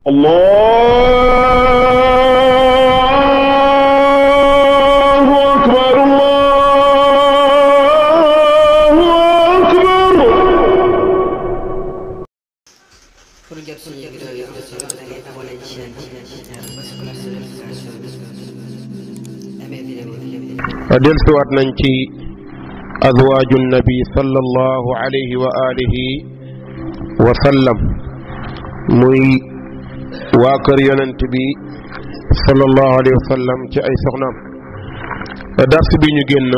الله أكبر الله أكبر أدلت أرننتي أزواج النبي صلى الله عليه وآله وسلم مي waa kër yonent bi sallallahu alayhi wa sallam ci ay soxnaam dars bi ñu génn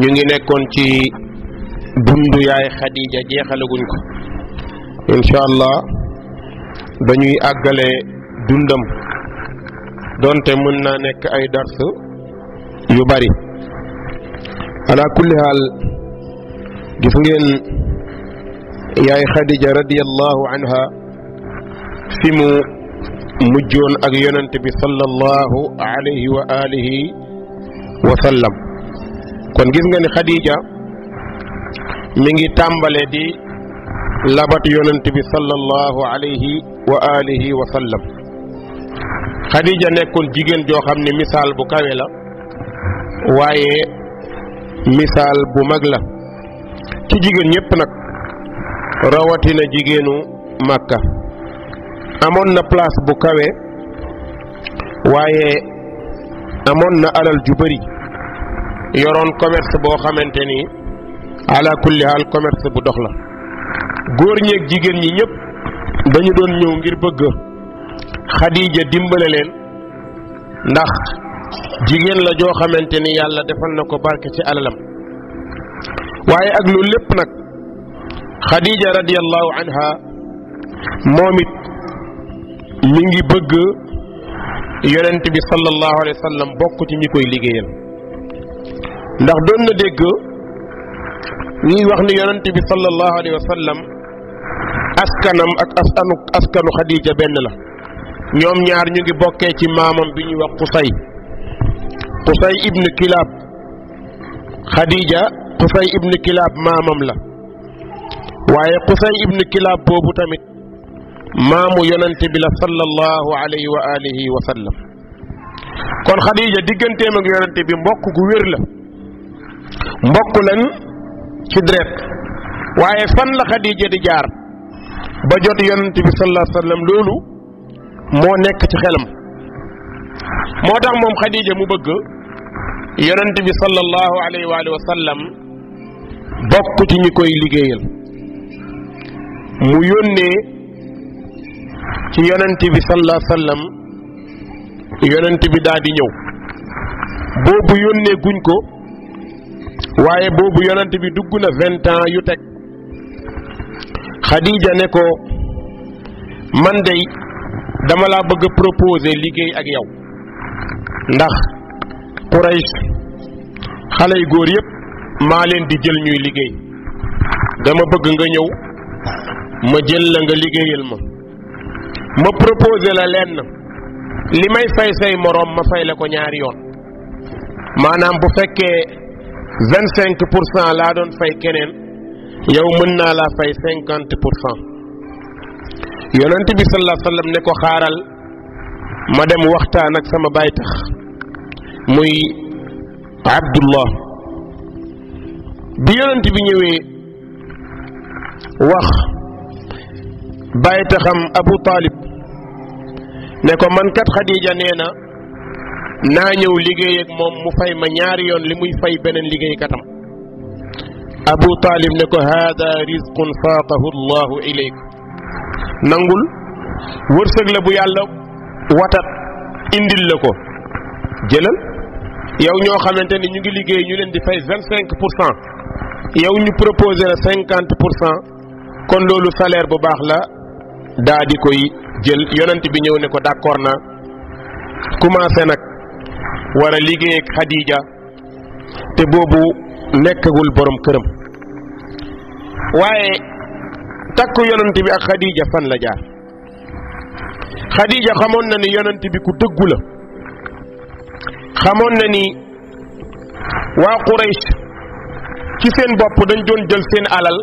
ñu ngi nekkoon ci dundu yaay Xadija jeexalaguñ ko incha allah dañuy àggale dundam doonte mën naa nekk ay dars yu bari ala kulli haal gis ngeen yaay Xadija radiyallahu anha fi mu mujjoon ak yonent bi sallallahu alayhi wa alihi wa sallam kon gis nga ni Khadija mi ngi tàmbale di labat yonent bi sallallahu alayhi wa alihi wa sallam Khadija nekkoon jigéen joo xam ne misaal bu kawe la waaye misaal bu mag la ci jigéen ñépp nag rawatina jigéenu Màkka amoon na place bu kawe waaye amoon na alal ju bari yoroon commerce boo xamante ni ala kulli hal commerce bu dox la góor ñeeg jigéen ñi ñépp dañu doon ñëw ngir bëgg Xadiija dimbale leen ndax jigéen la joo xamante ni yàlla defal na ko barke ci alalam waaye ak loolu lépp nag Xadiija radiyallahu anha moom it mi ngi bëgg yonent bi sallallahu alayhi wa bokk ci ñi koy liggéeyal ndax doon na dégg ñuy wax ni yonent bi sallallahu alayhi wa sallam askanam ak askanu Xadiija benn la ñoom ñaar ñu ngi bokkee ci maamam bi ñuy wax Qusay Qusay ibn Kilaab Xadiija Qusay ibn Kilaab maamam la waaye Qusay ibn Kilaab boobu tamit maamu yonante bi la sallallahu alayhi wa alihi wa sallam kon Khadija digganteem ak yonante bi mbokk gu wér la mbokk lañ ci deret waaye fan la Khadija di jaar ba jot yonante bi sallallahu alayhi loolu moo nekk ci xelam moo tax moom Khadija mu bëgg yonante bi sallallahu alayhi wa alihi wa sallam bokk ci ñi koy liggéeyal mu yónnee. ci yonent bi sallallahu alayhi wasallam yonent bi daal di ñëw boobu yónnee guñ ko waaye boobu yonent bi dugg na vingt ans yu teg Khadija ne ko man dey dama laa bëgg a proposer liggéey ak yow ndax Quraysh xale yu góor yépp maa leen di jël ñuy liggéey dama bëgg nga ñëw ma jël la nga liggéeyal ma ma proposé la lenn li may fay say moroom ma fay la ko ñaari yoon maanaam bu fekkee vingt cinq pour cent laa doon fay keneen yow mën naa laa fay cinquante pour cent yonent bi sallallahu alayhi ne ko xaaral ma dem waxtaan ak sama baay tax muy Abdullah bi yonent bi ñëwee wax baay taxam Abu Talib neko man kat Khadija neena na ñëw liggey ak mom mu fay ma ñaar yoon li muy fay liggey katam abu talib neko hada rizqun faqahu allah ilayk nangul wërsëg la bu yàlla watat indil lako ko jëlal yow ño xamanteni ñu ngi liggey ñu leen di fay 25% yow ñu proposer 50% kon lolu salaire bu bax la daa koy jël yonent bi ñëw ne ko d'accord na commencé nag war a liggéey ak Xadiija te boobu nekkagul borom këram waaye takku yonent bi ak Xadiija fan la jaar Xadiija xamoon na ni yonent bi ku dëggu la xamoon na ni waa Quraysh ci seen bopp dañ doon jël seen alal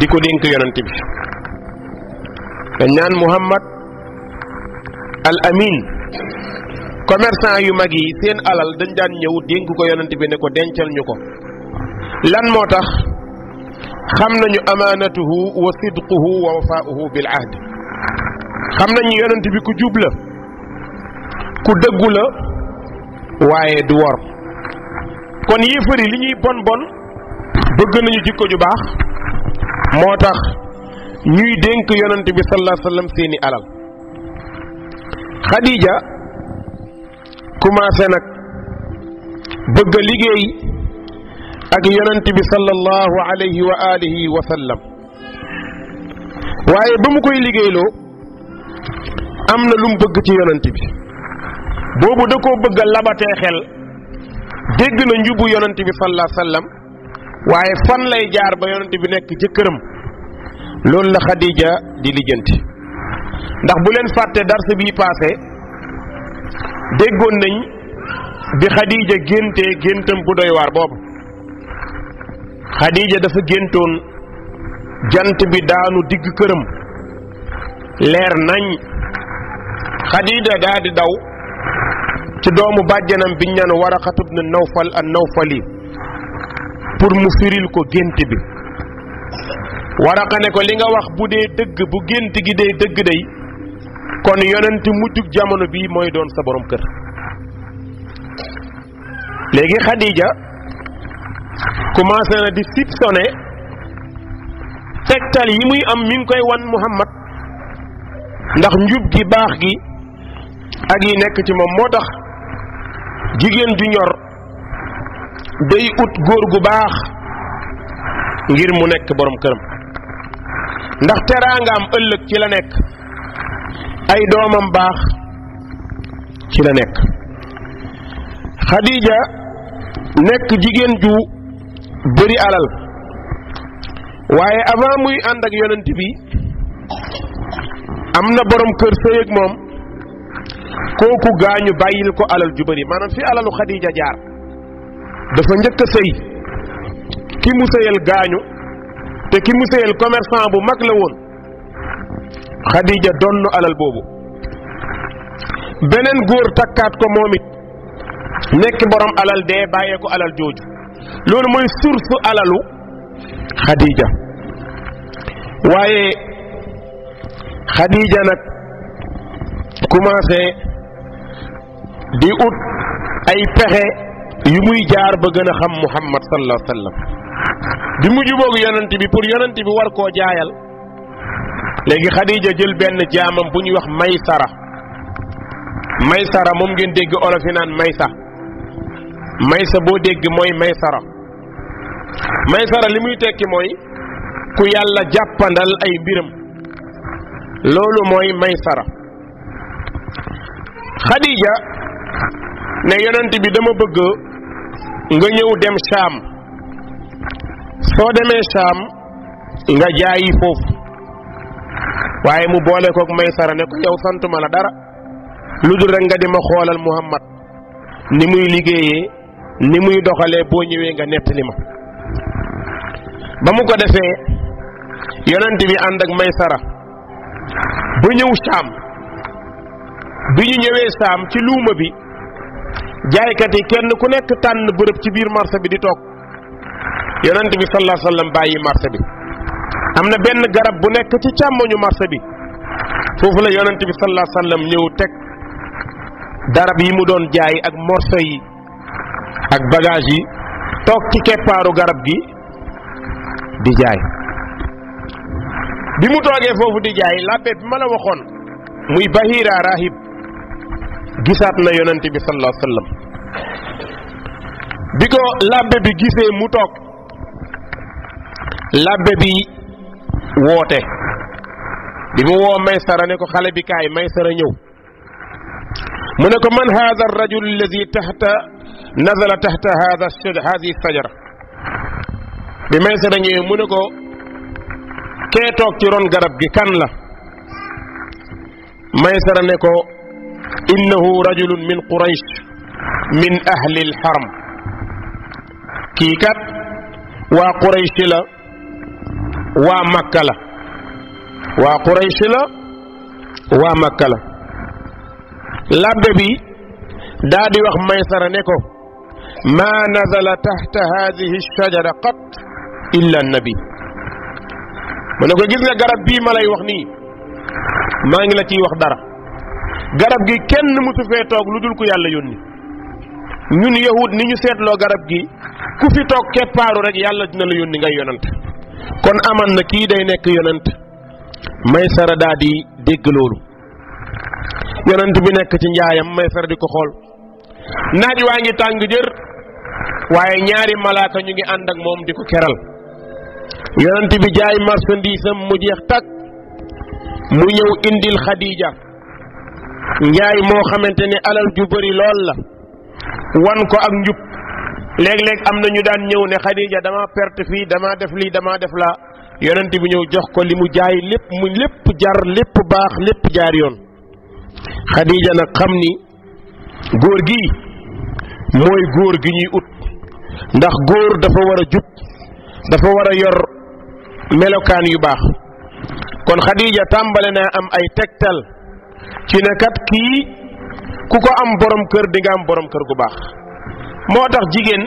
di ko dénk yonent bi dañ naan Muhammad al Amin commerçant yu mag yi seen alal dañ daan ñëw dénk ko yonent bi ne ko dencal ñu ko lan moo tax xam nañu amaanatuhu wa sidquhu wa wafaauhu bil ahd xam nañu yonent bi ku jub ku dëggu la waaye du wor kon yéefar li ñuy bon bon bëgg nañu jikko ju baax moo tax ñuy dénk yonent bi sallallahu alayhi wa sallam seeni alal Khadija commencé nag bëgg a liggéey ak yonent bi sallallahu alayhi wa alihi wa sallam waaye ba mu koy liggéeyloo am na lum mu bëgg ci yonent bi boobu da ko bëgg a labatee xel dégg na njubu yonent bi sallallahu alayhi wa waaye fan lay jaar ba yonent bi nekk ci këram loolu la Khadija di lijjanti ndax bu leen fàtte dars bii paase déggoon nañ bi Khadija géntee géntam bu doy waar boobu Khadija dafa géntoon jant bi daanu digg këram leer nañ Khadija daa daw ci doomu bàjjanam biñ naan Waraqatu bnu Nawfal an Nawfali pour mu firil ko gént bi waraqa ne ko li nga wax bu dee dëgg bu gént gi dee dëgg day kon yonent mujjug jamono bi mooy doon sa boroom kër léegi Khadija commencé na di soupçonner tegtal yi muy am mi ngi koy wan Muhammad ndax njub gi baax gi ak yi nekk ci moom moo tax jigéen ju ñor day ut góor gu baax ngir mu nekk boroom këram ndax teraangaam ëllëg ci la nekk ay doomam baax ci la nekk Khadija nekk jigéen ju bëri alal waaye avant muy ànd ak yonent bi am na boroom kër sëy ak moom kooku gaañu bàyyil ko alal ju bëri maanaam fi alalu Khadija jaar dafa njëkk a sëy ki mu sëyal gaañu te ki mu commerçant bu mak la won Khadija donno alal bobu benen góor takkat ko momit nek borom alal de baye ko alal joju loolu moy source alalu Khadija waye Khadija nak commencé di out ay pexe yu muy jaar ba gëna xam Muhammad sallallahu alaihi wasallam bi mu jubóog yonent bi pour yonent bi war koo jaayal léegi Khadija jël benn jaamam bu ñuy wax Maysara Maysara moom ngeen dégg olof yi naan Maysa Maysa boo dégg mooy Maysara Maysara li muy tekki mooy ku yàlla jàppandal ay mbiram loolu mooy Maysara Khadija ne yonent bi dama bëgg nga ñëw dem Saam soo demee saam nga jaayi foofu waaye mu boole koog maysara ne ko yow ma la dara lu dul rek nga di ma xoolal muhammad ni muy liggéeyee ni muy doxalee boo ñëwee nga nettali ma ba mu ko defee yonent bi ànd ak may sara ba ñëw saam bi ñu ñëwee saam ci luuma bi jaaykat yi kenn ku nekk tànn bërëb ci biir marché bi di toog yonent bi sallallahu alayhi wa sallam bàyyi marché bi am na benn garab bu nekk ci càmmoñu marché bi foofu la yonent bi sallallahu alayhi wa sallam ñëw teg darab yi mu doon jaay ak morso yi ak bagage yi toog ci keppaaru garab gi di jaay bi mu toogee foofu di jaay làbbe bi ma la waxoon muy bahira rahib gisaat na yonent bi sallallahu alayhi bi ko làbbe bi gisee mu toog labbe bi woote bi mu woo maysara ne ko xale bi may maysara ñëw mu ne ko man hada rajul alladi taxta nazala taxta hada hadihi sajara bi maysara ñëwee mu ne ko kee toog ci ron garab gi kan la maysara ne ko innahu rajulun min quraysh min ahli alxaram kii kat waa quraysh la waa Makka la waa Quraysh la waa Makka la labbe bi daa wax Maysara ne ko maa nazala taxta haadihi shajara qat illa nabi mu ne ko gis nga garab bii ma lay wax nii maa ngi la ciy wax dara garab gi kenn musu fee toog lu dul ko yàlla yónni ñun yahud ni ñu seetloo garab gi ku fi toog keppaaru rek yàlla dina la yónni ngay yonant kon aman na kii day nekk yonent Maysara daa di dégg loolu yonent bi nekk ci njaayam Maysara di ko xool naaj waa ngi tàng jër waaye ñaari malaaka ñu ngi ànd ak moom di ko keral yonent bi jaay marchandise am mu jeex takk mu ñëw indil Khadija njaay moo xamante ne alal ju bëri lool la wan ko ak njub léeg-léeg am na ñu daan ñëw ne Xadija dama perte fii dama def lii dama def laa yonent bi ñëw jox ko li mu jaay lépp mu lépp jar lépp baax lépp jaar yoon Xadija nag xam ni góor gi mooy góor gi ñuy ut ndax góor dafa war a jub dafa war a yor melokaan yu baax kon Xadija tàmbale naa am ay tegtal ci ne kat kii ku ko am borom kër dinga am borom kër gu baax moo tax jigéen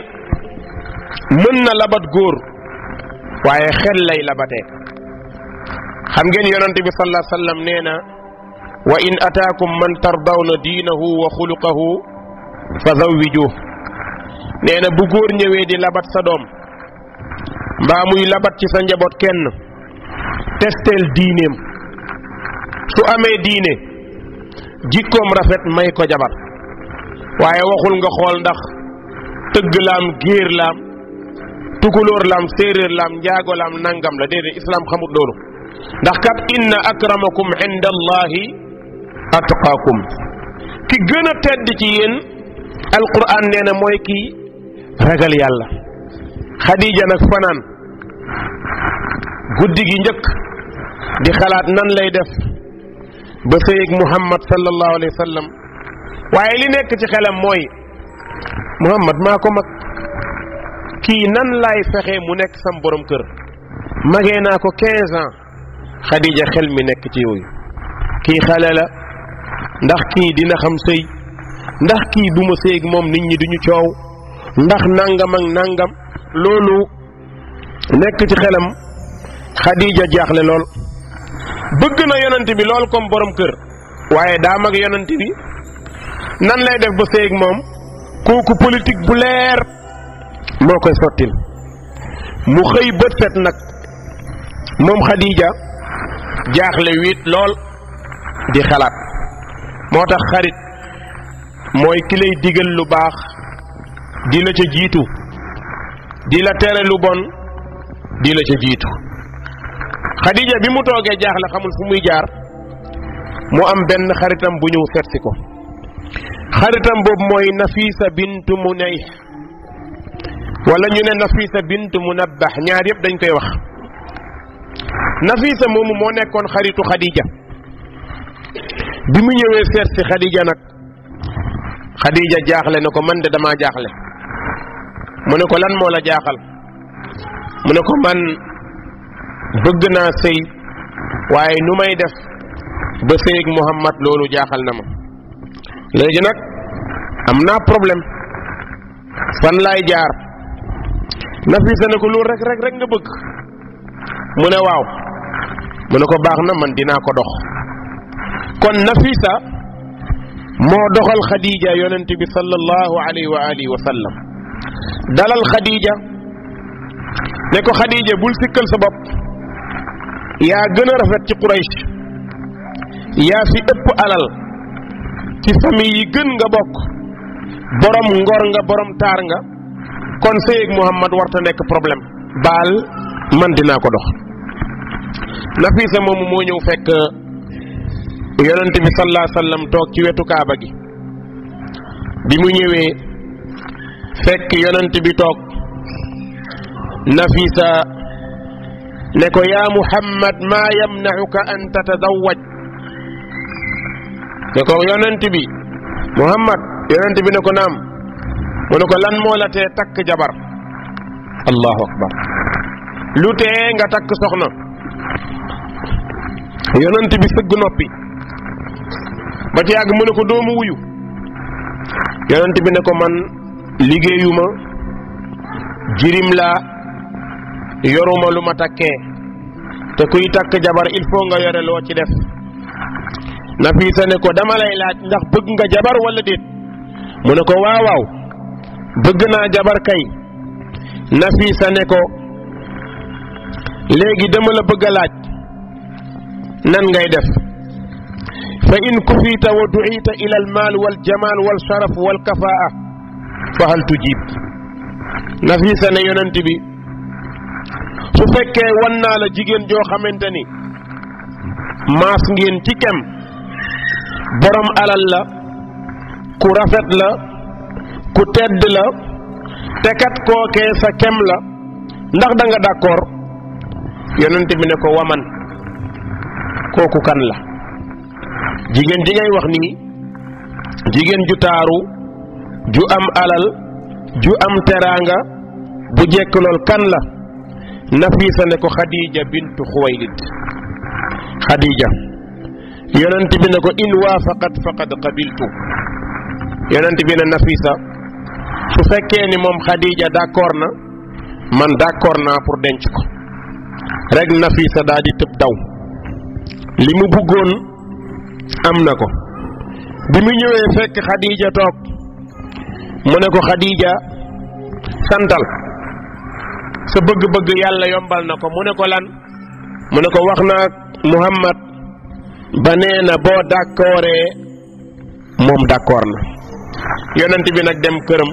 mën na labat góor waaye xel lay labate xam ngeen yonante bi sallallahu alayhi wasallam nee na wa in ataakum man tardawna diinahu wa xuluqahu fa zawwijuh nee na bu góor ñëwee di labat sa doom mbaa muy labat ci sa njaboot kenn testeel diineem su amee diine jikkoom rafet may ko jabar waaye waxul nga xool ndax تغ لام غير لام تكولور لام سيرير لام جاغو لام نانغام لا دين الاسلام خمو دورو داخ كات ان اكرمكم عند الله اتقاكم كي غنا تيد تي ين القران نينا موي كي رغال يالا خديجه نك فنان غودي جي نك دي خلات نان لاي ديف با محمد صلى الله عليه وسلم waye li nek ci xelam moy Muhammad maa ko mag kii nan laay fexe mu nekk sam boroom kër magee naa ko 15 ans Xadija xel mi nekk ci yooyu kii xale la ndax kii dina xam sëy ndax kii du ma sëy ak moom nit ñi duñu coow ndax nangam ak nàngam loolu nekk ci xelam Xadija jaaxle lool bëgg na yonent bi lool comme boroom kër waaye daa mag yonent bi nan lay def ba sëy ak moom. koku politique bu leer moo koy sottil mu xëy bët fet nak mom Khadija jaxle wit lol di xalat motax xarit moy ki lay digel lu bax di la ca jitu di la tere lu bon di la ca jitu Khadija bi mu toge jaxle xamul fu muy jaar mu am ben xaritam bu ñu seet si ko xaritam boobu mooy Nafisa bintu Munayh wala ñu ne Nafisa bintu Munabbah ñaar yëpp dañ koy wax Nafisa moomu moo nekkoon xaritu Khadija bi mu ñëwee seet si Khadija nag Khadija jaaxle na ko man de damaa jaaxle mu ne ko lan moo la jaaxal mu ne ko man bëgg naa sëy waaye nu may def ba sëy ak Muhammad loolu jaaxal na ma. légui nak amna problème fan lay jaar Nafisa ne ko loolu rek rek rek nga bëgg mune waw mune ko baxna man dina ko dox kon Nafisa mo doxal Khadija yonent bi sallallahu alayhi wa alihi wa sallam dalal Khadija ne ko Khadija bul sikkel sa bop ya gëna rafet ci Quraysh ya fi ëpp alal. ci famille yi gën nga bokk boroom ngor nga boroom taar nga kon sëyeeg Muhammad warta nekk problème baal man dinaa ko dox Nafisa moomu moo ñëw fekk yonent bi sallallahu alayhi wasallam toog ci wetu kaaba gi bi mu ñëwee fekk yonent bi toog Nafisa ne ko yaa Muhammad maa yamna'uka an tatazawwaj ne ko yonent bi muhammad yonent bi ne ko naam mu ne ko lan moo la te takk jabar allahu akbar lu tee nga takk soxna yonent bi sëgg noppi ba ci yàgg mu ne ko doomu wuyu yonent bi ne ko man liggéeyuma jirim la yoruma lu ma takkee te kuy takk jabar il faut nga yore loo ci def Nafisa ne ko dama lay laaj ndax bëgg nga jabar wala déet mu ne ko waawaaw bëgg naa jabar kay Nafisa ne ko léegi dama la bëgg a laaj nan ngay def fa in kufiita wa du'ita ila maal wal jamaal wal sharaf wal kafaa fa hal tujib Nafisa ne yonent bi su fekkee wan naa la jigéen joo xamante ni maas ngeen ci kem boroom alal la ku rafet la ku tedd la te kat kookee sa kem la ndax danga nga d'accord yonent bi ne ko waman kooku kan la jigéen ji ngay wax nii jigéen ju taaru ju am alal ju am teraanga bu jekk lool kan la Nafisa ne ko Khadija bintu Xuwaylid Khadija yonent bi ne ko in waafaqat faqad qabiltu yonent bi ne nafisa su fekkee ni moom xadija d' accord na man d' accord naa pour denc ko rek nafisa daa di tëb daw li mu am na ko bi mu ñëwee fekk xadija toog mu ne ko xadija santal sa bëgg-bëgg yàlla yombal na mu ne ko lan mu ne ko wax muhammad ba nee na boo d'accordee moom d'accord na yonent bi nag dem këram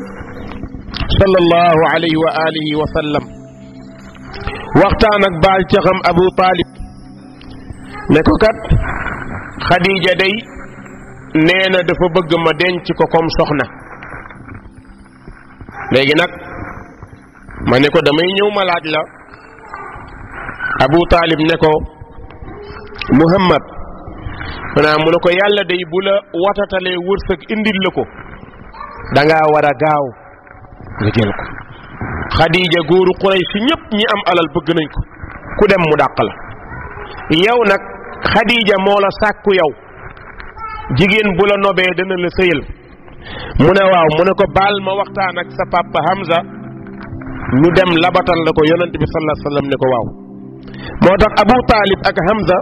sallallahu alayhi wa alihi wa sallam waxtaan ak baal ca Abu Talib ne ko kat Khadija day nee na dafa bëgg ma denc ko comme soxna léegi nag ma ne ko damay ñëw ma laaj la Abu Talib ne ko Muhammad maanaam mu ne ko yàlla day bu la watatalee wërsëg indil la ko danga war a gaaw nga jël ko xadiija góoru xuray si ñëpp ñi am alal bëgg nañ ko ku dem mu dàq la yow nag xadiija moo la sàkku yow jigéen bu la nobee dana la sëyal mu ne waaw mu ne ko baal ma waxtaan ak sa papa Hamza ñu dem labatal la ko yonent bi sallallahu alayhi ne ko waaw moo tax Abu Taalib ak Hamza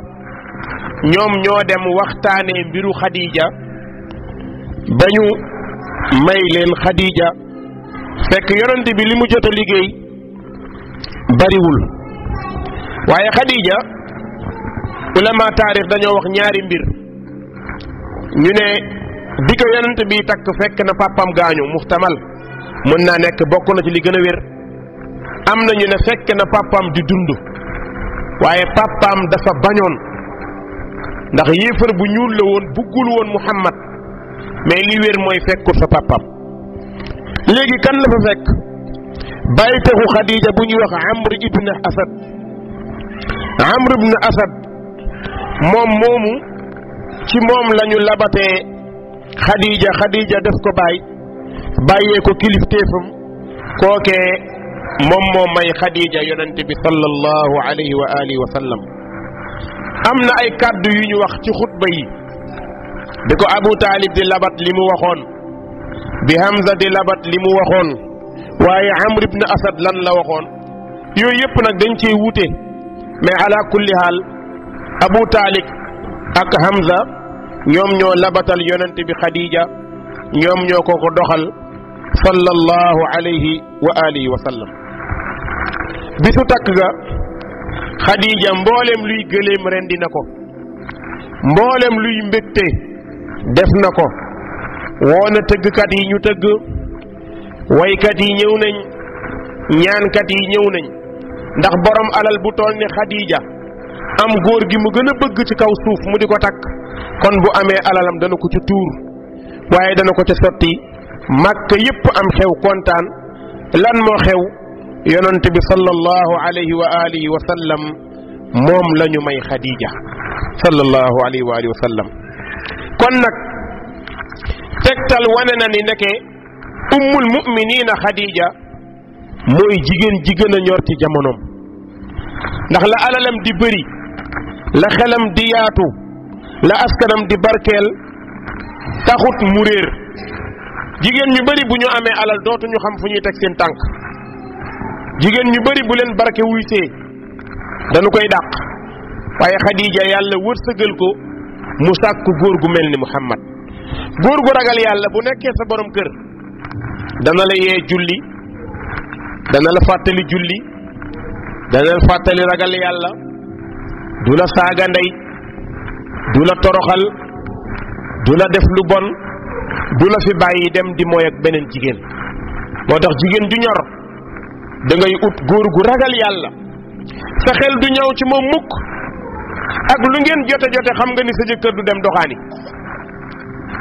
ñoom ñoo dem waxtaane mbiru Khadija ba ñu may leen Khadija fekk yonent bi li mu jot a liggéey bariwul waaye Khadija ulama taarix dañoo wax ñaari mbir ñu ne bi ko yonent bi takk fekk na pàppam gaañu muxtamal mën naa nekk bokk na ci li gën a wér am na ñu ne fekk na pàppam di dund waaye pàppam dafa bañoon ndax yéefar bu ñuul la woon buggul woon muhammad mais li wér mooy fekkul sa papam léegi kan la fa fekk baytaxu xadija bu ñu wax amr ibn asad amr ibn asad moom moomu ci moom lañu labatee xadija xadija def ko baay bàyyee ko kilifteefam kookee moom moo may xadija yonente bi sallallahu alayhi wa alihi wa sallam am na ay kàddu yu ñu wax ci xutba yi bi ko Abu Taalib di labat li mu waxoon bi Hamza di labat li mu waxoon waaye Amr ibn Asad lan la waxoon yooyu yëpp nag dañ cee wuute mais ala kulli haal Abu Taalib ak Hamza ñoom ñoo labatal yonent bi Khadija ñoom ñoo ko ko doxal sallallahu alayhi wa alihi wa sallam bisu takk ga xadiija mboolem luy gëléem rendi na ko mboolem luy mbégte def na ko woo tëggkat yi ñu tëgg woykat yi ñëw nañ ñaankat yi ñëw nañ ndax boroom alal bu toll ni xadiija am góor gi mu gën a bëgg ci kaw suuf mu di ko takk kon bu amee alalam dana ko ci tuur waaye dana ko ca sotti màkk yépp am xew kontaan lan moo xew يونت بي صلى الله عليه واله وسلم موم لا ني خديجه صلى الله عليه واله وسلم كون نك تكتال وننا ني نك ام المؤمنين خديجه موي جيجن جيجن نيورتي جامونوم ndax la alalam di bari la xelam di yaatu la askanam di barkel taxut mu réer jigéen ñu bari bu ñu amee alal dootuñu xam fu ñuy teg seen jigéen ñu bari bu leen barke wuysee dañu koy dàq waaye Xadiija yàlla wërsëgal ko mu sàkku góor gu mel ni Muhammad góor gu ragal yàlla bu nekkee sa borom kër dana la yee julli dana la fàttali julli dana la fàttali ragal yàlla du la saaga ndey du la toroxal du la def lu bon du la fi bàyyi dem di mooy ak beneen jigéen moo tax jigéen ju ñor da ngay ut góor gu ragal yàlla sa xel du ñëw ci moom mukk ak lu ngeen jote jote xam nga ni sa jëkkër du dem doxaani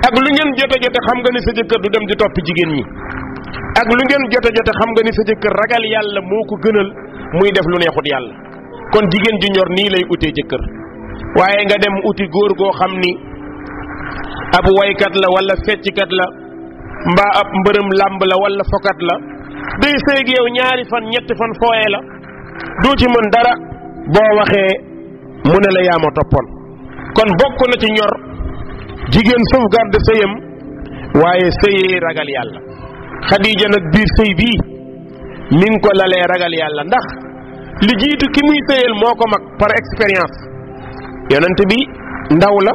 ak lu ngeen jote jote xam nga ni sa jëkkër du dem di topp jigéen ñi ak lu ngeen jote jote xam nga ni sa jëkkër ragal yàlla moo gënal muy def lu neexut yàlla kon jigéen ju ñor nii lay utee jëkkër waaye nga dem uti góor goo xam ni ab waykat la wala fecckat la mbaa ab mbërëm làmb la wala fokat la day sëy ak yow ñaari fan ñetti fan fooyee la doo ci mën dara boo waxee mu ne la yaa ma toppoon kon bokk na ci ñor jigéen sauvegarde sëyam waaye sëyee ragal yàlla Xadiija nag biir sëy bii mi ngi ko lalee ragal yàlla ndax li jiitu ki muy sëyal moo ko mag par expérience yonent bi ndaw la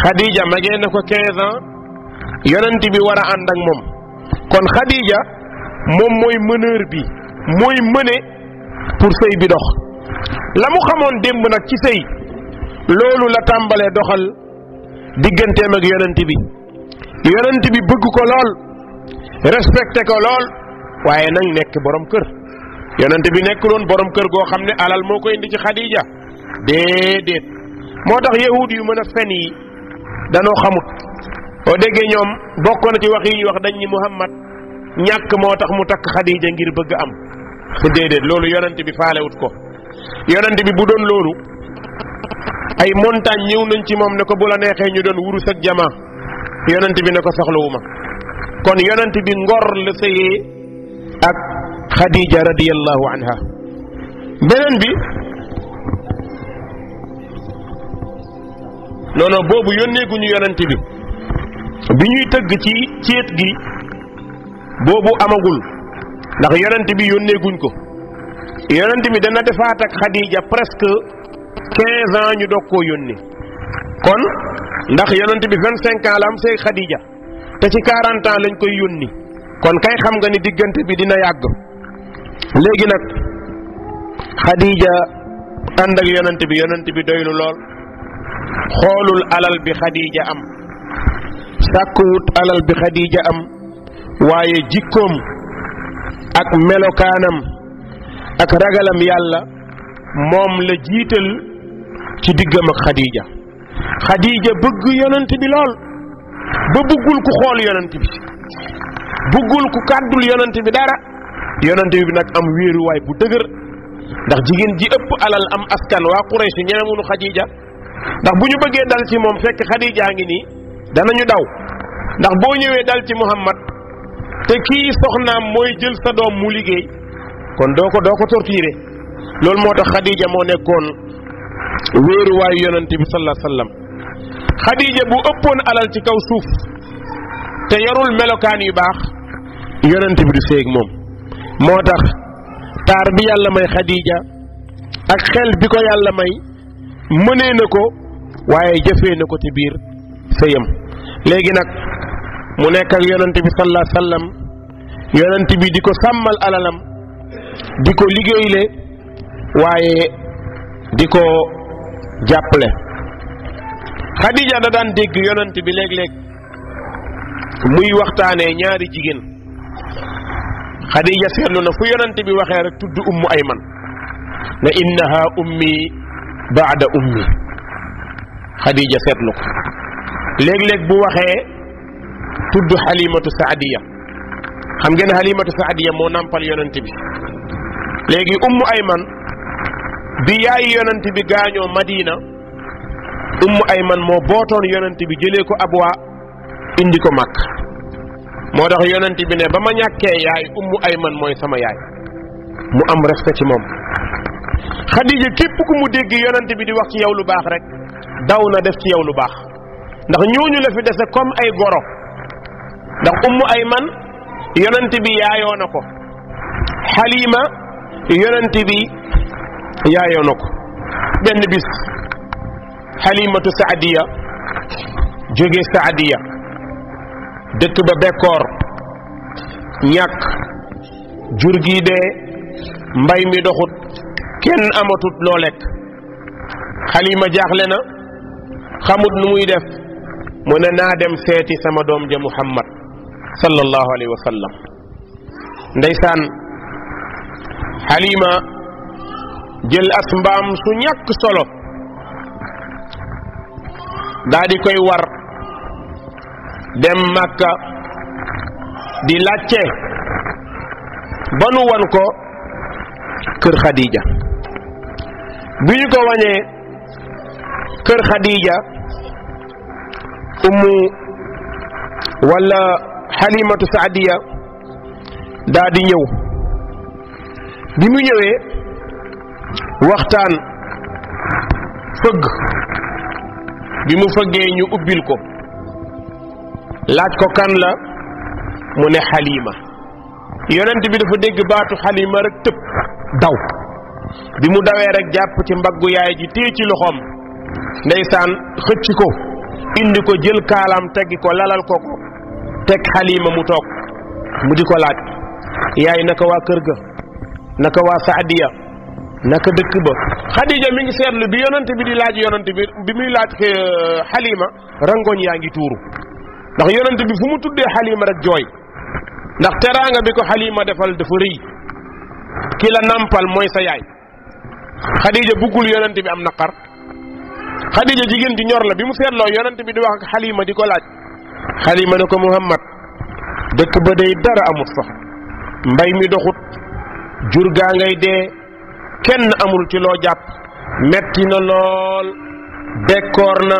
Xadiija magee na ko 15 ans yonent bi war a ànd ak moom kon Xadiija moom mooy meneur bi mooy mëne pour sëy bi dox la mu xamoon démb nag ci sëy loolu la tàmbalee doxal digganteem ak yonent bi yonent bi bëgg ko lool respecté ko lool waaye nag nekk borom kër yonent bi nekk loon borom kër goo xam ne alal moo koy indi ci Xadija déedéet moo tax yahud yu mën a fen yi danoo xamut boo déggee ñoom bokk na ci wax yi ñuy wax dañ ni Muhammad ñàkk moo tax mu takk xadija ngir bëgg am déedéet loolu yonent bi faalewut ko yonent bi bu doon loolu ay montagne ñëw nañ ci moom ne ko bu la neexee ñu doon wurus ak jama yonent bi ne ko soxlawuma kon yonent bi ngor la sëyee ak xadija radiyallahu anha beneen bi non non boobu yónneeguñu yonent bi bi ñuy tëgg ci gi boobu amagul ndax yonent bi yónnee guñ ko yonent bi dana defaat ak Khadija presque quinze ans ñu dog koo yónni kon ndax yonent bi vingt cinq ans la am see Khadija te ci quarante lañ koy yónni kon kay xam nga ni diggante bi dina yàgg léegi nag Khadija ànd ak yonent bi yonent bi doylu lool xoolul alal bi Khadija am sàkkuwut alal bi Khadija am. waaye jikkoom ak melokaanam ak ragalam yàlla moom la jiital ci diggam ak Khadija Khadija bëgg yonent bi lool ba bëggul ku xool yonent bi bëggul ku kàddul yonent bi dara yonent bi nag am wéeruwaay bu dëgër ndax jigéen ji ëpp alal am askan waa Quraysh ñaamunu Khadija ndax bu ñu bëggee dal ci moom fekk Khadija ngi nii danañu daw ndax boo ñëwee dal ci Muhammad te kii soxnaam mooy jël sa doom mu liggéey kon doo ko doo ko torturer loolu moo tax Khadija moo nekkoon wéeruwaayu yonante bi sallallahu alayhi wasallam bu ëppoon alal ci kaw suuf te yarul melokaan yu baax yonante bi du seeg moom moo tax taar bi yàlla may Khadija ak xel bi ko yàlla may mënee na ko waaye jëfee na ko ci biir sëyam léegi nag mu nekkal ak bi sallallahu alayhi wasallam yonent bi di ko sàmmal alalam di ko liggéeyle waaye di ko jàppale Xadija da daan dégg yonent bi léeg-léeg muy waxtaanee ñaari jigéen Xadija seetlu na fu yonent bi waxee rek tudd ummu ayman ne innaha ummi baada ummi Xadija seetlu ko léeg-léeg bu waxee tudd Halimatu Saadiya xam ngeen Halimatu Saadiya moo nampal yonent bi léegi ummu Ayman bi yaay yonent bi gaañoo Madina ummu Ayman moo bootoon yonent bi jëlee ko ab Abwa indi ko Makk moo tax yonent bi ne ba ma ñàkkee yaay ummu Ayman mooy sama yaay mu am respect ci moom Xadija képp ku mu dégg yonent bi di wax ci yow lu baax rek daw na def ci yow lu baax ndax ñu la fi dese comme ay goro. ndax ay man yonent bi yaayoo na ko xalima yonent bi yaayoo na ko benn bis xalimatu saadiya jóge saadiya dëkk ba bekkoor ñàkk jur gi dee mbay mi doxut kenn amatut loo lekk xalima jaaxle na xamut nu muy def mu ne naa dem seeti sama doom ja muhammad sallallahu alayhi wa sallam ndeysaan xalima jël as mbaam su ñàkk solo daa di koy war dem màkka di làcce ba nu wan ko kër xadija bi ñu ko wañee kër xadija umu wala xalimatu saadiya daa ñëw bi mu ñëwee waxtaan fëgg bi mu fëggee ñu ubbil ko laaj ko kan la mu ne xalima yonent bi dafa dégg baatu xalima rek tëb daw bi mu dawee rek jàpp ci mbaggu yaay ji téye ci loxoom ndeysaan xëcc ko indi ko jël kaalam teggi ko lalal ko ko Tek Halima mu tok mu diko ko laaj yaay naka wa kër ga naka wa saadiya naka dëkk ba khadija mi ngi seetlu bi yonent bi di laaj yonent bi bi muy laaj xalima eh, rangoñ yaa ngi tuuru ndax yonent bi fu mu tuddee rek jooy ndax teranga bi ko halima defal dafa rëy ki la nampal mooy sa yaay khadija bugul yonent bi am naqar khadija jigéen di ñor la bi mu seetloo yonent bi di wax ak halima di ko laaj xalima ne ko muhammad dëkk ba day dara amut fa mbay mi doxut jur gaa ngay dee kenn amul ci loo jàpp metti na lool bekkoor na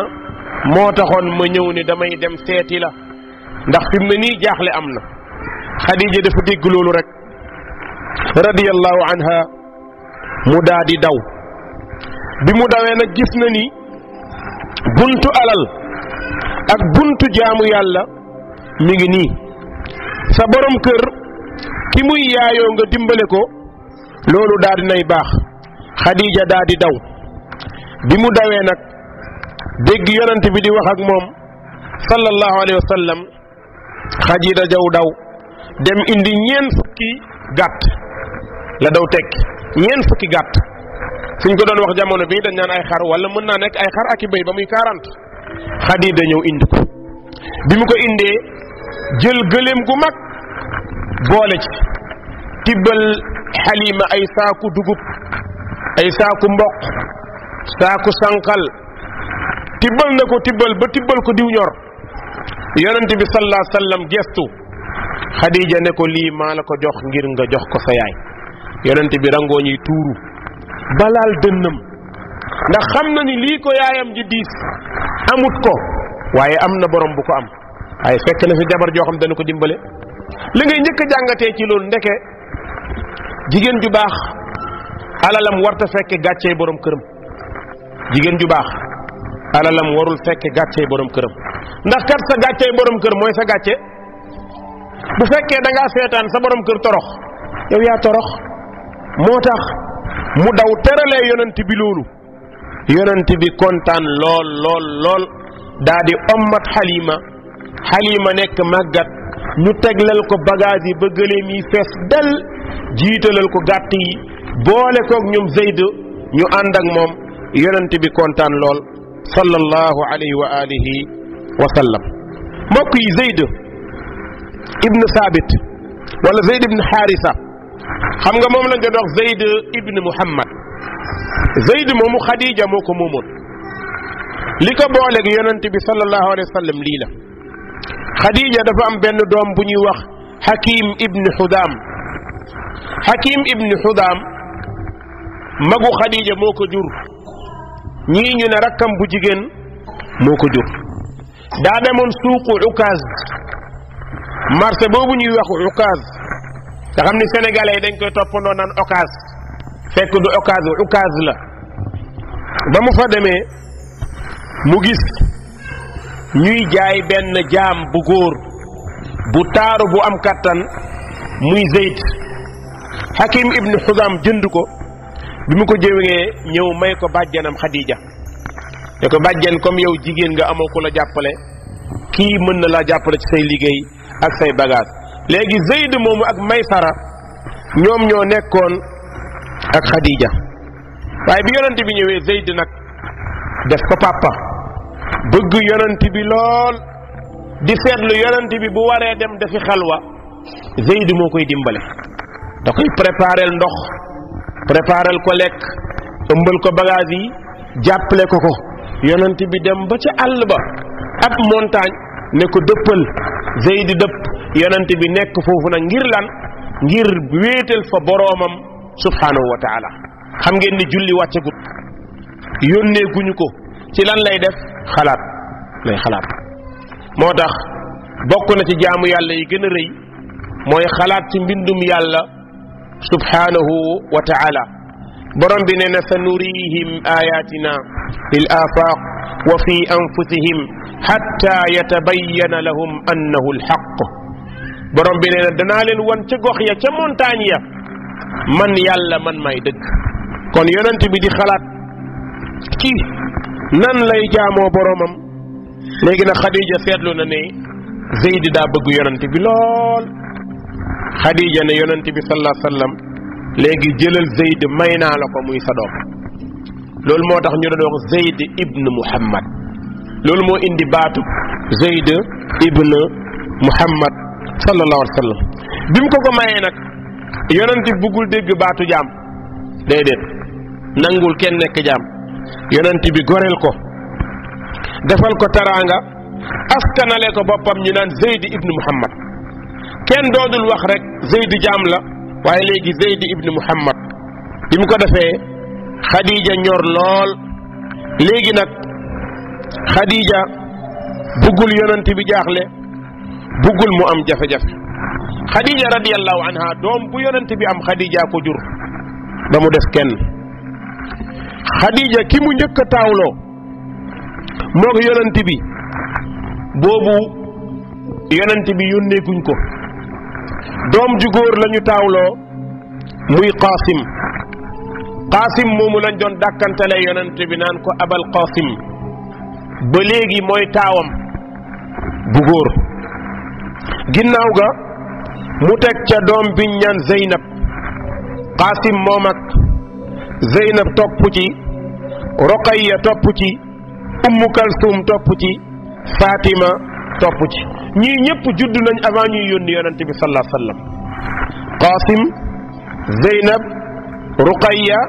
moo taxoon ma ñëw ni damay dem seeti la ndax fi na ne nii jaaxle am na xadija dafa dégg loolu rek radiyallahu anha mu daa di daw bi mu dawee nag gis na ni buntu alal ak buntu jaamu yàlla mi ngi nii sa boroom kër ki muy yaayoo nga dimbale ko loolu daldi nay baax Xadiija daal di daw bi mu dawee nag dégg yonent bi di wax ak moom sallallahu alayhi wa sallam Xadiija jaw daw dem indi ñeent fukki gàtt la daw tekki ñeent fukki gàtt suñ ko doon wax jamono bi dañ naan ay xar wala mën naa nekk ay xar ak i béy ba muy quarante xadija ñëw indi ko bi mu ko indee jël gëléem gu mag boole ci tibbal xalima ay saaku dugub ay saaku mboq saaku sànqal tibbal na ko tibbal ba tibbal ko diw ñor yonent bi sallallahu alayhi wasallam gestu xadija ne ko lii maa la ko jox ngir nga jox ko sa yaay yonent bi rangoo ñuy tuuru balaal dënnam ndax xam na ni lii ko yaayam ji diis amut ko waaye am na boroom bu ko am waaye fekk na fi jabar joo xam dana ko dimbale li ngay njëkk a jàngatee ci loolu ndeke jigéen ju baax alalam warta fekke gàccee boroom këram jigéen ju baax alalam warul fekke gàccee boroom këram ndax kat sa gàccee borom kër mooy sa gàcce bu fekkee da seetaan sa boroom kër torox yow yaa torox moo tax mu daw teralee yonent bi loolu yonent bi kontaan lool lool lool daa di ommat xalima xalima nekk màggat ñu teglal ko bagage yi ba gëléem yi fees del jiitalal ko gàtt yi boole koog ñoom Zayd ñu ànd ak moom yonent bi kontaan lool sallallahu alayhi wa alihi wa sallam mbokk yi Zayd ibn Saabit wala Zayd ibn Haarisa xam nga moom la ko dox Zayd ibn Muhammad Zayd moomu Khadija moo ko moomoon li ko booleeg yonent bi sallallahu alayhi wa sallam lii la Khadija dafa am benn doom bu ñuy wax Hakim Ibn Xudaam Hakim Ibn Xudaam magu Khadija moo ko jur ñii ñu ne rakkam bu jigéen moo ko jur daa demoon suuqu Ukaaz marché boobu ñuy wax Ukaaz nga xam ni sénégalais yi dañ koy toppandoo naan Okaas. fekk du okaas ukaas la ba mu fa demee mu gis ñuy jaay benn jaam bu góor bu taaru bu am kàttan muy zeyt hakim ibn xusam jënd ko bi mu ko jëwee ñëw may ko bàjjanam xadija te ko bàjjan comme yow jigéen nga amoo ku la jàppale ki mën na laa jàppale ci say liggéey ak say bagage léegi zeyd moomu ak maysara ñoom ñoo nekkoon ak Khadija waaye bi yonent bi ñëwee Zayd nag def ko papa bëgg yonent bi lool di seetlu yonent bi bu waree dem dafi xalwa Zayd moo koy dimbale da koy préparel ndox préparel ko lekk ëmbal ko bagaas yi jàppale ko ko yonent bi dem ba ca àll ba ab montagne ne ko dëppal Zayd dëpp yonent bi nekk foofu nag ngir lan ngir wéetal fa boroomam subhanahu wa taala xam ngeen ni julli wàccagut yónnee guñu ko ci lan lay def xalaat lay xalaat moo tax bokk na ci jaamu yàlla yi gën a rëy mooy xalaat ci mbindum yàlla subhanahu wa taala borom bi nee na sa nurihim ayatina lil afaq wa fi anfusihim hatta yatabayyana lahum annahu alxaq borom bi nee na danaa leen wan ci gox ya ca montagne ya man yàlla man may dëgg kon yonent bi di xalaat ci nan lay jaamoo boroomam léegi na Khadija seetlu na ne Zayd daa bëgg yonant bi lool Khadija ne yonant bi sallallahu alayhi wasallam léegi jëlal Zayd may naa la ko muy sa doom loolu moo tax ñu doon wax Zayd ibn Muhammad loolu moo indi baatu Zayd ibn Muhammad sallallahu alayhi wasallam bi mu ko ko mayee nag. yonent bugul deg dégg baatu jaam déedéet nangul ken nek jam yonent bi gorel ko defal ko taranga askanale ko bopam ñu nan zaid ibn muhammad ken dodul wax rek zaid jam la waye legi zaid ibn muhammad bi ko defé khadija ñor lol legi nak khadija bugul yonent bi jaxle bugul mu am jafe-jafe Khadija radiyallahu anha doom bu yonent bi am Khadija ko jur ba mu des kenn Khadija ki mu njëkk a taawloo moog yonent bi boobu yonent bi yónneekuñ ko doom ju góor lañu taawloo muy Qaasim Qaasim moomu lañ doon dàkkantale yonent bi naan ko Abal Qaasim ba léegi mooy taawam bu góor ginnaaw ga mu teg ca doom biñ ñaan Zeynab Qaasim moom ak Zeynab topp ci Roqayya topp ci Ummu Kalsum topp ci Fatima topp ci ñii ñëpp judd nañ avant ñuy yónni yonent bi sallallahu alayhi wa sallam Zeynab Roqayya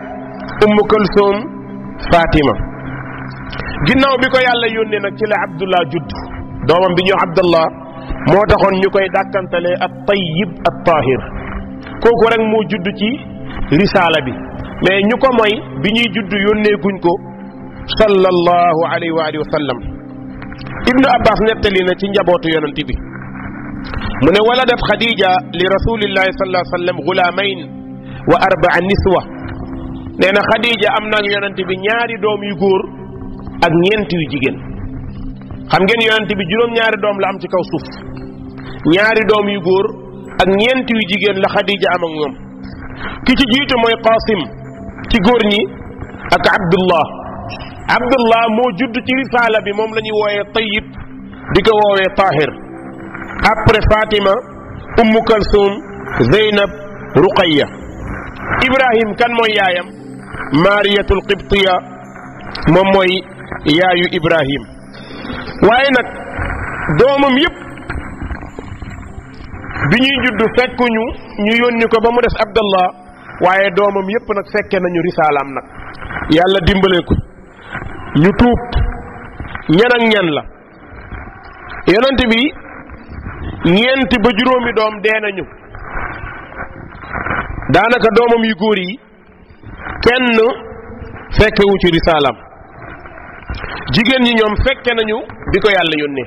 Ummu Kalsum Fatima ginnaaw bi ko yàlla yónnee nag ci la Abdullah judd doomam bi ñu Abdullah moo taxoon ñu koy dàkkantalee at tayyib at tahir kooku rek moo judd ci risaala bi mais ñu ko mooy bi ñuy judd yónnee guñ ko sallallahu alayhi wa alihi wa sallam ibnu abbas nettali na ci njabootu yonent bi mu ne waladat khadija li rasulillahi sallallahu alayhi wa sallam gulamayn wa arba'a niswa nee na khadija am na ak yonent bi ñaari doom yu góor ak ñeent yu jigéen xam ngeen yonent bi juróom-ñaari doom la am ci kaw suuf ñaari doom yu góor ak ñeenti yu jigéen la Xadija am ak ki ci jiitu mooy Qasim ci góor ñi ak Abdullah Abdullah moo judd ci risaala bi moom la ñuy wooyee Tayyib di ko woowee Tahir après Fatima Ummu Kalsum Zeynab Ruqayya Ibrahim kan mooy yaayam Mariyatul Qibtiya moom mooy yaayu Ibrahim waaye nag doomam yépp bi ñuy judd fekkuñu ñu yónni ko ba mu des abdallah waaye doomam yépp nag fekke nañu risaalaam nag yàlla dimbale ko ñu tuub ñan ak ñan la yonent bi ñeenti ba juróomi doom dee nañu daanaka doomam yu góor yi kenn fekkewu ci risaalaam jigéen ñi ñoom fekke nañu bi ko yàlla yónnee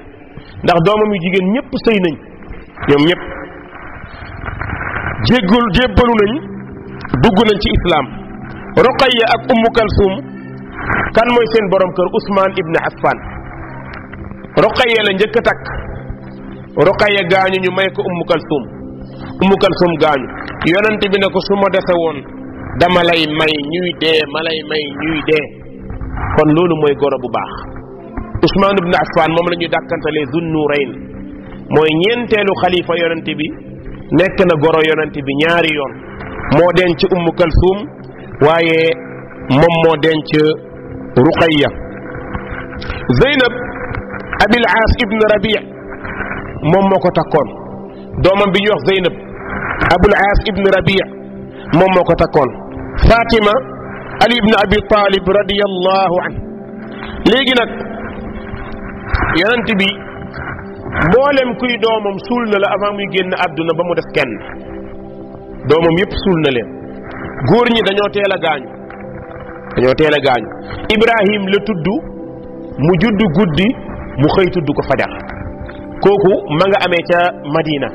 ndax doomam yu jigéen ñëpp sëy nañ ñoom ñëpp jéggul jébbalu nañ dugg nañ ci islaam Ruqayya ak Ummu Kalsum kan mooy seen borom kër Ousmane Ibn Affan Ruqayya la njëkk a takk Ruqayya gaañu ñu may ko Ummu Kalsum Ummu Kalsum gaañu yonent bi ne ko su ma dese woon dama lay may ñuy dee ma lay may ñuy dee kon loolu mooy goro bu baax Ousmane ibn Affan moom la ñuy dàkkantalee Zunnurayn mooy ñeenteelu xalifa yonente bi nekk na goro yonente bi ñaari yoon moo denc Ummu Kalsum waaye moom moo denc Ruqayya Zeynab Abil Aas ibn Rabi' moom moo ko takkoon doomam bi ñuy wax Zeynab Abul Aas ibn Rabi' moom moo ko takkoon Fatima ali ibn abi talib radiallahu an léegi nag yenant bi mboolem kuy doomam suul na la avant muy génn àdduna ba mu def kenn doomam yépp suul na leen góor ñi dañoo teel a gaañu dañoo teel a gaañu ibrahim la tudd mu judd guddi mu xëy tudd ko fajar kooku ma nga amee ca madina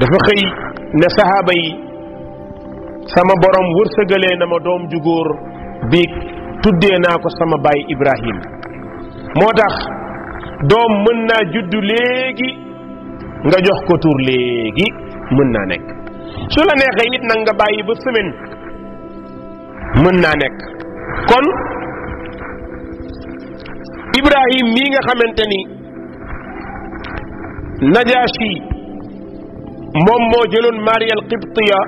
dafa xëy ne sahaaba yi sama borom wërsëgalee na ma doom ju góor bi tuddee naa ko sama ibrahim moo dom doom mën naa juddu léegi nga jox ko tur léegi mën naa nekk su la neexee nit nag nga bàyyi ba semaine mën naa nekk kon ibrahim mi nga xamante ni najashi moom moo jëloon maria qibtiya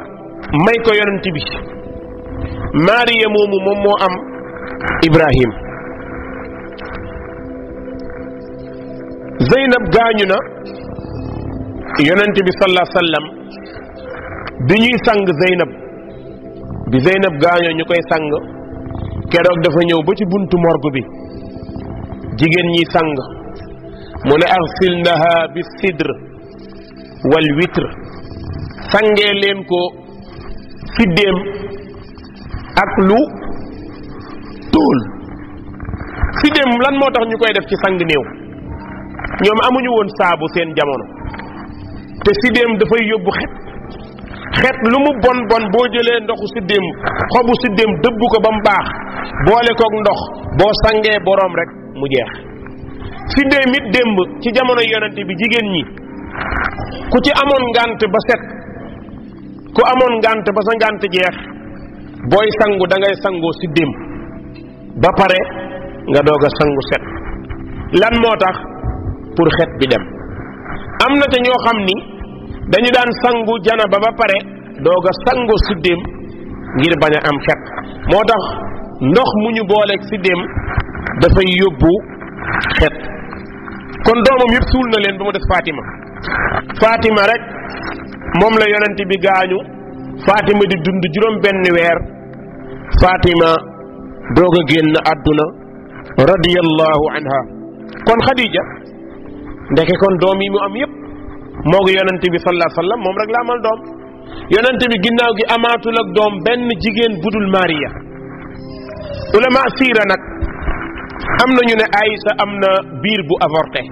may ko yonent bi Maariya moomu moom moo am Ibrahim Zeynab gaañu na yonent bi sallallahu alayhi wasallam bi ñuy sang Zeynab bi Zeynab gaaño ñu koy sang keroog dafa ñëw ba ci buntu morgue bi jigéen ñi sang mu ne arsilnaha bi sidr wal witr sangee leen ko fidem ak lu tool fidem lan moo tax ñu def ci sang neew ñom amuñu woon saabu seen jamono te da fay yobbu xet xet lu mu bon bon bo jele ndoxu siddeem xobu debu debbu ko bam baax boole ak ndox bo sangé borom rek mu jeex siddeem mit démb ci jamono yonenti bi jigen ñi ku ci gan ngant ba set ku amoon ngànt ba sa ngànt jeex booy sangu da sangoo siddéem ba pare nga doog a sangu set lan moo tax pour xet bi dem am na te ñoo xam ni dañu daan sangu janaba ba pare doog a sangu siddéem ngir bañ a am xet moo tax ndox mu ñu booleeg siddéem dafay yóbbu xet kon doomam yëpp suul na leen ba mu des Fatima Fatima rek mom la yonenti bi gañu fatima di dund juróom benn weer fatima doog a génn àdduna radiyallahu anha kon khadija ndeke kon doom yi mu am yépp moo ngi yonent bi sallallahu sallam moom rek la amal doom yonent bi ginnaaw gi amaatul ak doom benn jigéen budul mariya ulama siira nag am na ñu ne aïsa am na biir bu avorté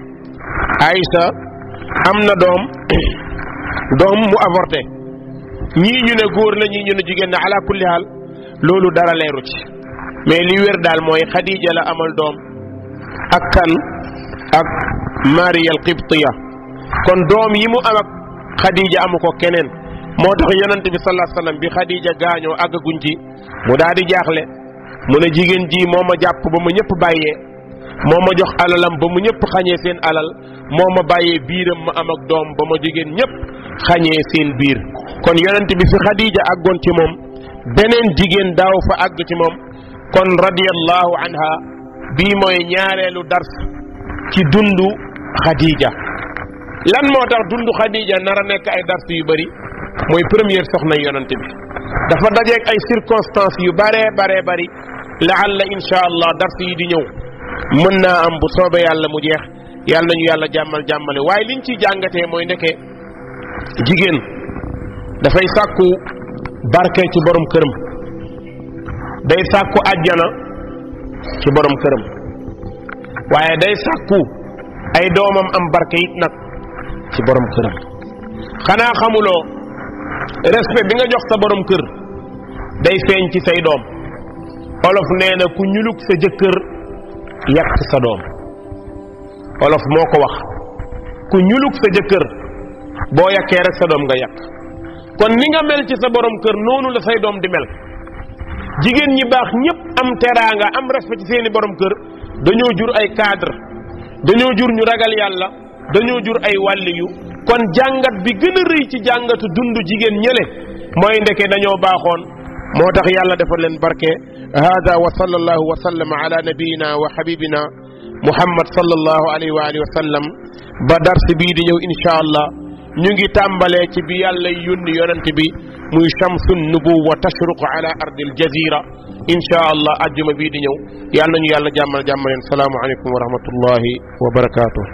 aïsa am na doom doom mu avorté ñii ñu ne góor la ñii ñu ne jigéen na ala kulli loolu dara leeru ci mais li wér daal mooy Xadija la amal doom ak kan ak Maria al Qibtiya kon doom yi mu am ak Xadija amu ko keneen moo tax yonent bi sallallahu alayhi wasallam bi Xadija gaañoo àggaguñ ci mu daal di jaaxle mu ne jigéen ji moo ma jàpp ba ma ñëpp bàyyee moo ma jox alalam ba mu ñëpp xañee seen alal moo ma bàyyee biiram ma am ak doom ba ma jigéen ñëpp. xagne seen biir kon yonent bi fi khadija agon ci mom benen jigen daw fa ag ci mom kon radiyallahu anha bi moy ñaarelu dars ci dundu khadija lan motax dundu khadija nara nek ay dars yu bari moy premier soxna yonent bi dafa ak ay circonstances yu bare bare bari laalla insha allah dars yi di ñëw mën naa am bu soobee yàlla mu jeex yàlla ñu yàlla jamal jàmmale way liñ ci jangate moy ndeke jigéen dafay sàkku barke ci borom këram day sàkku àjjana ci borom këram waaye day sàkku ay doomam am barke it nag ci borom këram xanaa xamuloo respect bi nga jox sa borom kër day feeñ ci say doom olof nee na ku ñuluk sa jëkkër yàq sa doom olof moo ko wax ku ñuluk sa jëkkër boo yàkkee rek sa doom nga yàq kon ni nga mel ci sa boroom kër noonu la say doom di mel jigéen ñi baax ñëpp am teraanga am respect ci seeni borom kër dañoo jur ay cadre dañoo jur ñu ragal yàlla dañoo jur ay wàlliyu kon jàngat bi gën a rëy ci jàngatu dund jigéen ñële mooy ndeke dañoo baaxoon moo tax yàlla defal leen barke hada wa sallallahu wa sallama ala nabiyina wa habibina muhammad sallallahu alayhi wa alihi wa sallam ba darsi bii di ñëw incha allah نيجي تامبالي تي بي يالله يوني يونت بي موي شمس النبوة تشرق على أرض الجزيرة إن شاء الله أجمع بي دي نيو يالله يالله جامل جامل السلام عليكم ورحمة الله وبركاته